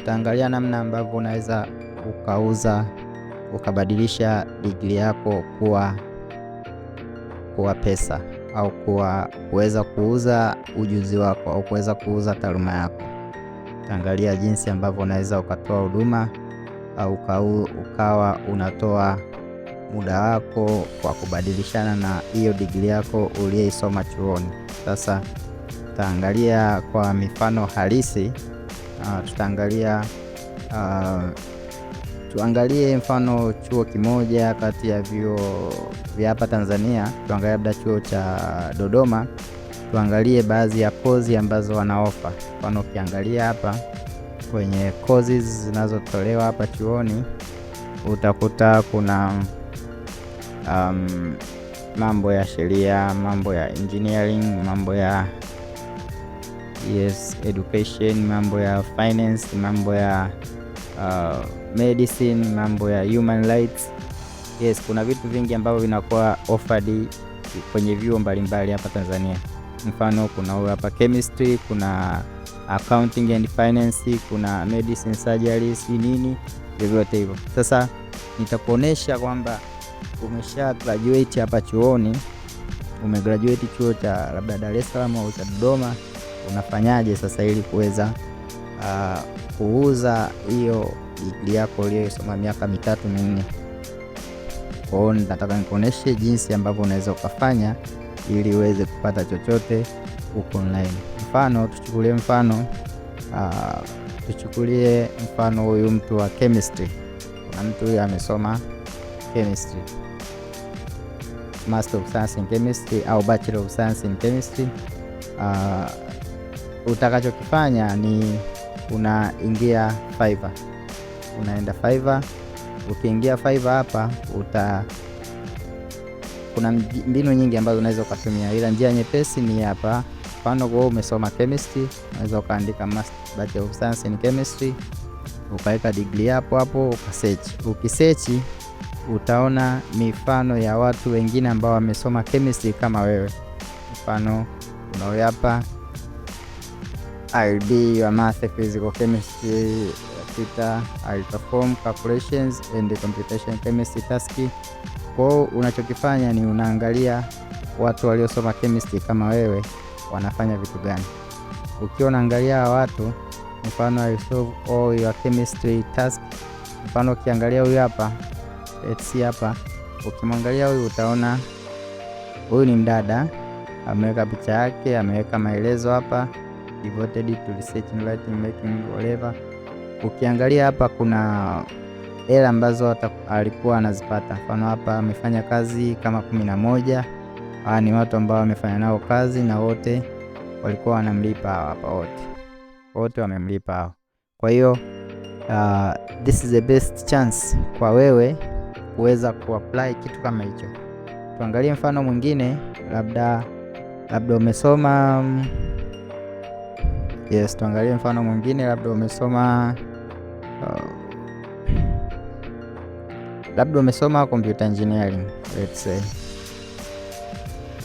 Utaangalia namna ambavyo unaweza ukauza ukabadilisha digrii yako kuwa kuwa pesa au kuwa kuweza kuuza ujuzi wako au kuweza kuuza taaluma yako. Utaangalia jinsi ambavyo unaweza ukatoa huduma au ukawa unatoa muda wako kwa kubadilishana na hiyo digrii yako uliyoisoma chuoni. Sasa utaangalia kwa mifano halisi uh, tutaangalia uh, tuangalie mfano chuo kimoja kati ya vyuo vya hapa Tanzania, tuangalie labda chuo cha Dodoma, tuangalie baadhi ya kozi ambazo wanaofa. Mfano ukiangalia hapa kwenye kozi zinazotolewa hapa chuoni utakuta kuna um, mambo ya sheria, mambo ya engineering, mambo ya yes, education, mambo ya finance, mambo ya uh, medicine, mambo ya human rights. Yes, kuna vitu vingi ambavyo vinakuwa offered kwenye vyuo mbalimbali hapa Tanzania. Mfano kuna hapa chemistry, kuna accounting and finance, kuna medicine surgery, si nini vyovyote hivyo. Sasa nitakuonesha kwamba umesha graduate hapa chuoni, umegraduate chuo cha labda Dar es Salaam au cha Dodoma unafanyaje sasa ili kuweza ah, kuuza hiyo digrii yako uliyoisoma miaka mitatu minne. Kwa hiyo nataka nikuoneshe jinsi ambavyo unaweza ukafanya ili uweze kupata chochote huko online. Mfano tuchukulie mfano uh, tuchukulie mfano huyu mtu wa chemistry. Kuna mtu huyu amesoma chemistry, Master of Science in Chemistry au Bachelor of Science in Chemistry uh, utakachokifanya ni unaingia Fiverr, unaenda Fiverr. Ukiingia Fiverr hapa uta kuna mbinu nyingi ambazo unaweza ukatumia, ila njia nyepesi ni hapa. Mfano kwa umesoma chemistry, unaweza ukaandika master bachelor of science in chemistry, ukaweka degree hapo hapo, ukasearch. Ukisearch utaona mifano ya watu wengine ambao wamesoma chemistry kama wewe, mfano unaoyapa IB wa math, physical chemistry sita. I perform calculations and computation chemistry taski. Kwao unachokifanya ni unaangalia watu waliosoma chemistry kama wewe wanafanya vitu gani. Ukiwa unaangalia watu, mfano I solve all your chemistry task, mfano ukiangalia huyu hapa HC hapa, ukimwangalia huyu utaona huyu ni mdada, ameweka picha yake, ameweka maelezo hapa devoted to research and writing making whatever. Ukiangalia hapa kuna hela ambazo alikuwa anazipata, mfano hapa amefanya kazi kama kumi na moja. Hawa ni watu ambao wamefanya nao kazi na wote walikuwa wanamlipa hapa, wote wote wamemlipa hao. Kwa hiyo uh, this is the best chance kwa wewe kuweza kuapply kitu kama hicho. Tuangalie mfano mwingine, labda labda umesoma mm, Yes, tuangalie mfano mwingine, labda umesoma uh, labda umesoma computer engineering let's say.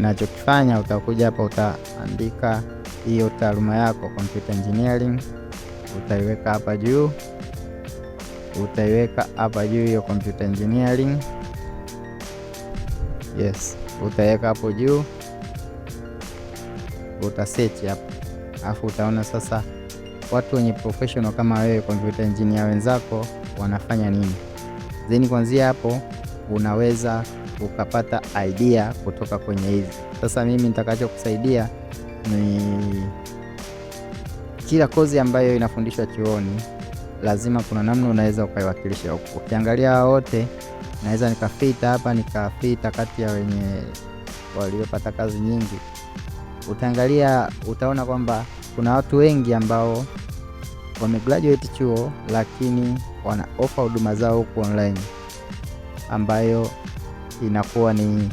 Nachokifanya utakuja hapa, utaandika hiyo taaluma yako computer engineering, utaiweka hapa juu, utaiweka hapa juu hiyo computer engineering. Yes, utaweka hapo juu, utasearch hapo alafu utaona sasa watu wenye professional kama wewe computer engineer wenzako wanafanya nini, then kuanzia hapo unaweza ukapata idea kutoka kwenye hizi. Sasa mimi nitakachokusaidia ni kila kozi ambayo inafundishwa chuoni lazima kuna namna unaweza ukaiwakilisha huko. Ukiangalia wote, naweza nikafita hapa nikafita kati ya wenye waliopata kazi nyingi utaangalia utaona kwamba kuna watu wengi ambao wamegraduate chuo lakini wana ofa huduma zao huku online, ambayo inakuwa ni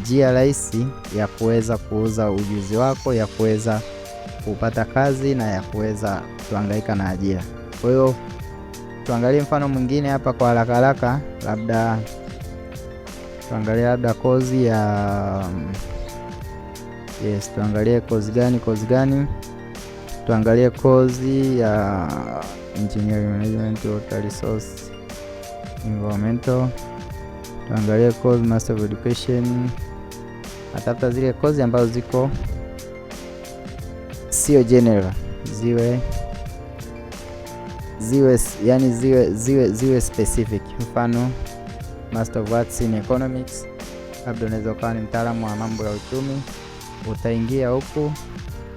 njia rahisi ya kuweza kuuza ujuzi wako, ya kuweza kupata kazi na ya kuweza kuangaika na ajira. Kwa hiyo tuangalie mfano mwingine hapa kwa haraka haraka, labda tuangalie labda kozi ya Yes, tuangalie kozi gani, kozi gani? Tuangalie kozi ya engineering management, water resource, environmental. Tuangalie kozi master of education, atafuta zile kozi ambazo ziko sio general, ziwe ziwe yani ziwe, ziwe, ziwe specific. Mfano master of arts in economics, labda unaweza ukawa ni mtaalamu wa mambo ya uchumi utaingia huku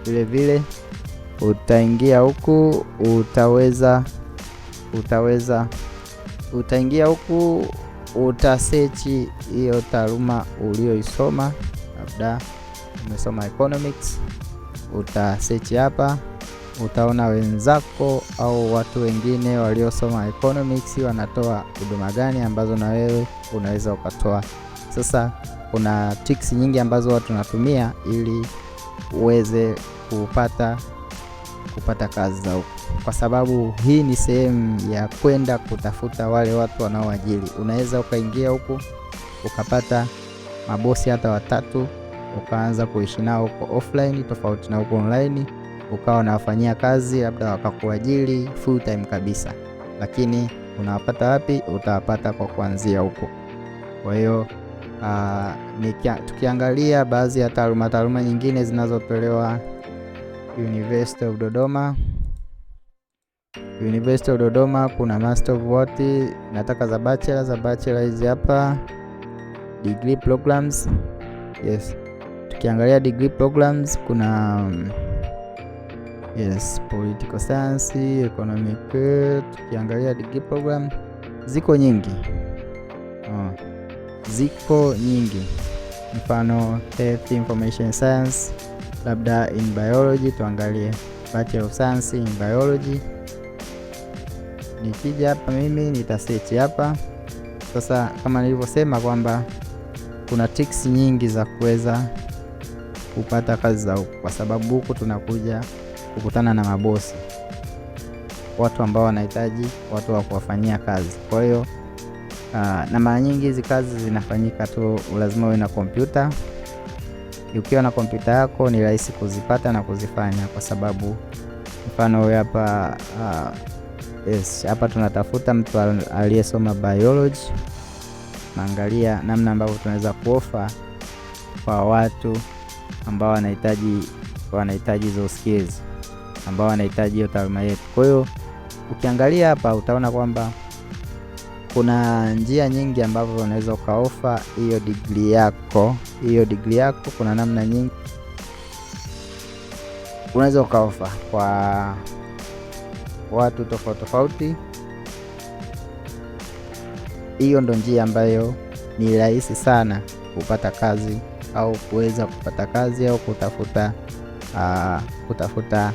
vile vile utaingia huku utaweza utaweza utaingia huku utasechi hiyo taaluma ulioisoma, labda umesoma economics, utasechi hapa, utaona wenzako au watu wengine waliosoma economics wanatoa huduma gani ambazo na wewe unaweza ukatoa sasa kuna tricks nyingi ambazo huwa tunatumia ili uweze kupata kupata kazi za huko, kwa sababu hii ni sehemu ya kwenda kutafuta wale watu wanaoajiri. Unaweza ukaingia huku ukapata mabosi hata watatu ukaanza kuishi nao huko offline, tofauti na huko online, ukawa unawafanyia kazi labda wakakuajiri full time kabisa, lakini unawapata wapi? Utawapata kwa kuanzia huko, kwa hiyo Uh, tukiangalia baadhi ya taaluma taaluma nyingine zinazotolewa University of Dodoma, University of Dodoma kuna Master of What, nataka za bachelor za bachelor hizi hapa degree programs. Yes, tukiangalia degree programs kuna um, yes political science, economic. Eh, tukiangalia degree program ziko nyingi oh zipo nyingi, mfano health information science, labda in biology tuangalie Bachelor of Science in biology. Nikija hapa mimi nitasearch hapa sasa, kama nilivyosema kwamba kuna tricks nyingi za kuweza kupata kazi za huku, kwa sababu huku tunakuja kukutana na mabosi, watu ambao wanahitaji watu wa kuwafanyia kazi, kwa hiyo Ah, na mara nyingi hizi kazi zinafanyika tu, lazima uwe na kompyuta. Ukiwa na kompyuta yako ni rahisi kuzipata na kuzifanya, kwa sababu mfano wewe hapa ah, yes, hapa tunatafuta mtu aliyesoma biology, naangalia namna ambavyo tunaweza kuofa kwa watu ambao wanahitaji wanahitaji hizo skills ambao wanahitaji hiyo taaluma yetu. Kwa hiyo ukiangalia hapa utaona kwamba kuna njia nyingi ambavyo unaweza ukaofa hiyo digri yako. Hiyo digri yako kuna namna nyingi unaweza ukaofa kwa watu tofauti tofauti. Hiyo ndo njia ambayo ni rahisi sana kupata kazi au kuweza kupata kazi au kutafuta uh, kutafuta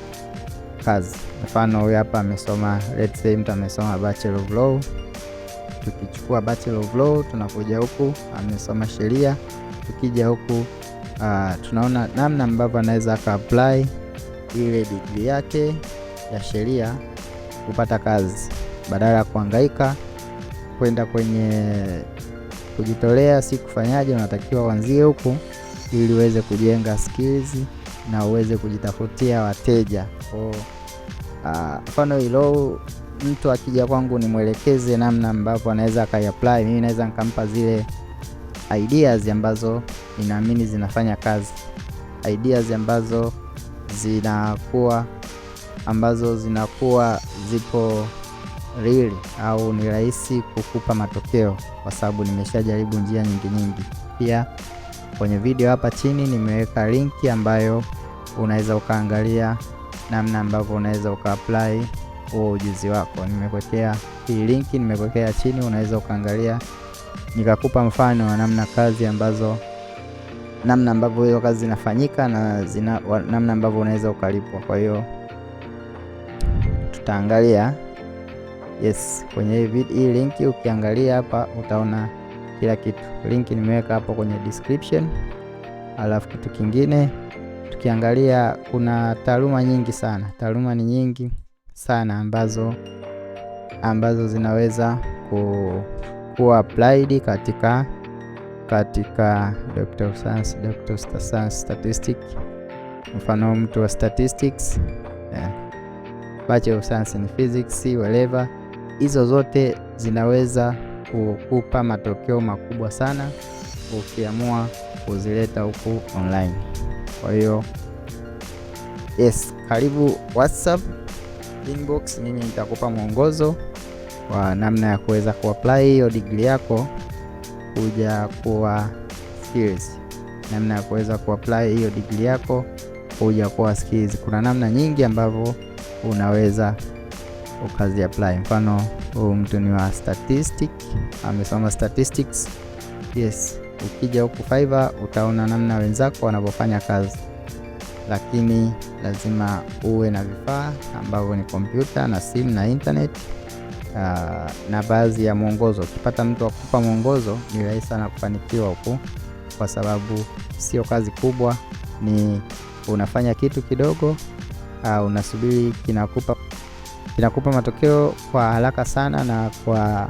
kazi. Mfano huyu hapa amesoma let's say, mtu amesoma bachelor of law tukichukua Battle of Law, tunakuja huku amesoma sheria, tukija huku uh, tunaona namna ambavyo anaweza apply ile degree yake ya sheria kupata kazi badala ya kuhangaika kwenda kwenye kujitolea, si kufanyaje, unatakiwa uanzie huku ili uweze kujenga skills na uweze kujitafutia wateja. Kwa ah, mfano hilo mtu akija kwangu nimwelekeze namna ambavyo anaweza akaiapply, mimi naweza nikampa zile ideas ambazo inaamini zinafanya kazi, ideas ambazo zinakuwa ambazo zinakuwa zipo real au ni rahisi kukupa matokeo, kwa sababu nimeshajaribu njia nyingi nyingi. Pia kwenye video hapa chini nimeweka linki ambayo unaweza ukaangalia namna ambavyo unaweza ukaapply huo ujuzi wako. nimekwekea hii linki, nimekwekea chini, unaweza ukaangalia, nikakupa mfano wa namna kazi ambazo namna ambavyo hizo kazi zinafanyika na zina, wa, namna ambavyo unaweza ukalipwa. Kwa hiyo tutaangalia yes, kwenye hii linki ukiangalia hapa utaona kila kitu. Linki nimeweka hapo kwenye description. Alafu kitu kingine tukiangalia, kuna taaluma nyingi sana, taaluma ni nyingi sana ambazo, ambazo zinaweza ku, kuwa applied katika katika doctor of science, doctor of science Statistic, Mfano mtu wa statistics yeah, bachelor of science in physics whatever, hizo zote zinaweza kukupa matokeo makubwa sana ukiamua kuzileta huku online. Kwa hiyo yes, karibu WhatsApp. Inbox, mimi nitakupa mwongozo wa namna ya kuweza kuapply hiyo degree yako kuja kuwa skills, namna ya kuweza kuapply hiyo degree yako kuja kuwa skills. Kuna namna nyingi ambavyo unaweza ukazi apply. Mfano, huyu mtu ni wa statistic, amesoma statistics. Yes, ukija huku Fiverr utaona namna wenzako wanavyofanya kazi lakini lazima uwe na vifaa ambavyo ni kompyuta na simu na internet uh, na baadhi ya mwongozo. Ukipata mtu wa kukupa mwongozo ni rahisi sana kufanikiwa huku, kwa sababu sio kazi kubwa, ni unafanya kitu kidogo uh, unasubiri kinakupa kinakupa matokeo kwa haraka sana na kwa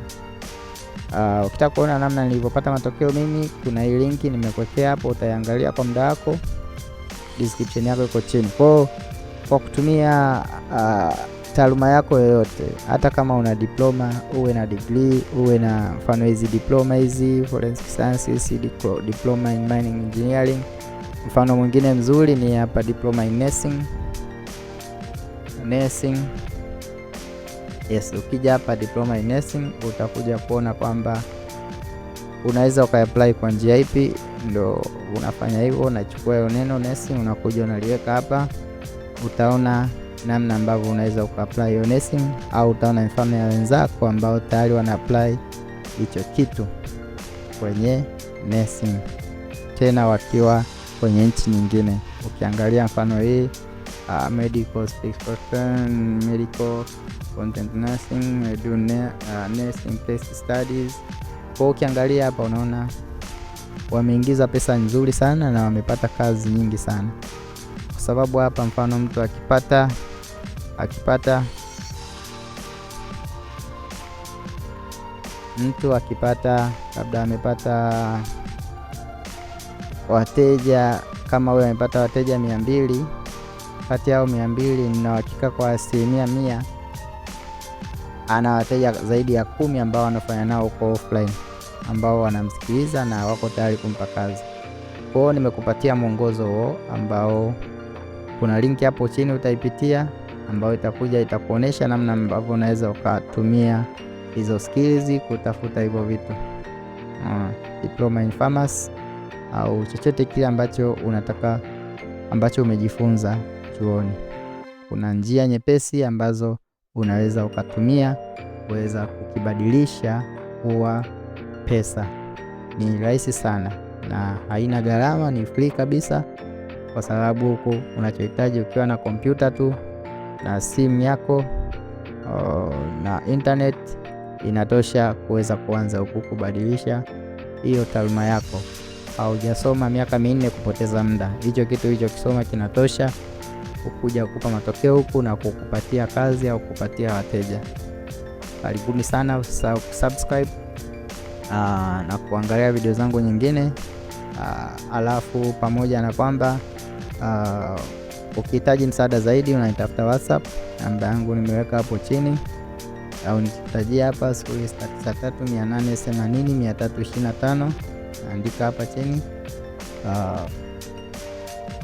ah, ukitaka uh, kuona namna nilivyopata matokeo mimi, kuna hii linki nimekwekea hapo, utaiangalia kwa muda wako description yako iko chini. Kwa kwa kutumia uh, taaluma yako yoyote, hata kama una diploma, uwe na degree, uwe na mfano hizi diploma hizi forensic sciences, diploma in mining engineering. Mfano mwingine mzuri ni hapa diploma in nursing. Nursing. Yes, ukija hapa diploma in nursing utakuja kuona kwamba unaweza ukaapply kwa njia ipi ndo unafanya hivyo, unachukua neno nesi unakuja unaliweka hapa, utaona namna ambavyo unaweza ukaapply hiyo nesi, au utaona mfano ya wenzako ambao tayari wana apply hicho kitu kwenye nesi, tena wakiwa kwenye nchi nyingine. Ukiangalia mfano hii uh, medical speech pattern, medical content nursing, we ah, nursing case studies. Kwa ukiangalia hapa unaona wameingiza pesa nzuri sana na wamepata kazi nyingi sana, kwa sababu hapa mfano mtu akipata akipata mtu akipata labda amepata wateja kama huyo amepata wateja mia mbili kati yao mia mbili nina kwa asilimia mia ana wateja zaidi ya kumi ambao wanafanya nao huko offline ambao wanamsikiliza na wako tayari kumpa kazi. Kwa hiyo nimekupatia mwongozo huo ambao kuna linki hapo chini utaipitia, ambayo itakuja itakuonesha namna ambavyo unaweza ukatumia hizo skills kutafuta hivyo vitu uh, diploma in pharmacy au chochote kile ambacho unataka ambacho umejifunza chuoni. Kuna njia nyepesi ambazo unaweza ukatumia kuweza kukibadilisha kuwa pesa. Ni rahisi sana na haina gharama, ni free kabisa, kwa sababu huku unachohitaji ukiwa na kompyuta tu na simu yako o, oh, na internet inatosha kuweza kuanza huku kubadilisha hiyo taaluma yako. Haujasoma miaka minne kupoteza muda, hicho kitu hicho kisoma kinatosha kukuja kupa matokeo huku na kukupatia kazi au kukupatia wateja. Karibuni sana, usisahau kusubscribe aa, ah, na kuangalia video zangu nyingine aa, ah, alafu pamoja na kwamba ah, ukihitaji msaada zaidi unanitafuta WhatsApp, namba yangu nimeweka hapo chini au nikitajia hapa tano naandika hapa chini. Uh,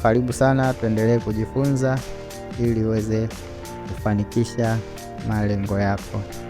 karibu sana, tuendelee kujifunza ili uweze kufanikisha malengo yako.